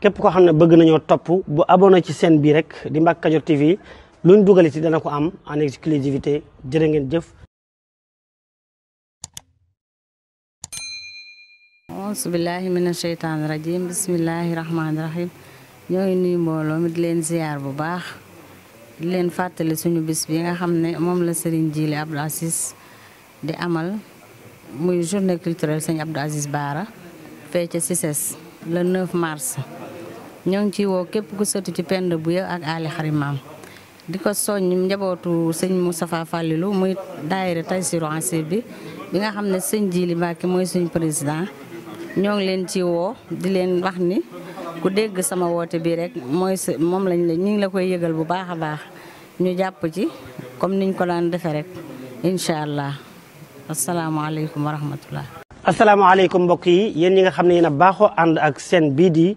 képp koo xam ne bëgg nañoo topp bu abonné ci seen bii rek di Mbacke Kadior TV lu ñu ci dana ko am en exclusivité jëre ngeen jëf auzu billahi mina sheytaani rajim bismillahi rahmaani rahim ñoo ngi nuyu mbooloo mi di leen ziyaar bu baax di leen fàttali suñu bis bi nga xam ne moom la sëriñ jiile Abdou Aziz di amal muy journée culturelle Serigne Abdou Aziz Bara fee ca CICES le mars ñoo ngi ciy woo képp ku sëtu ci pend bu ya ak aali xarimaam di ko soññ njabootu sëñ Moustapha Fallilou muy daayira Taysiru Ansib bi bi nga xam ne sëñ Jili Mbàkke mooy suñ président ñoo ngi leen ci woo di leen wax ni ku dégg sama woote bi rek mooy moom lañ la ñu ngi la koy yëgal bu baax a baax ñu jàpp ci comme niñ ko daan defee rek incha allah asalaamaaleykum wa rahmatullah asalaamaaleykum mbokk yi yéen ñi nga xam ne yéen baaxoo ànd ak seen bii di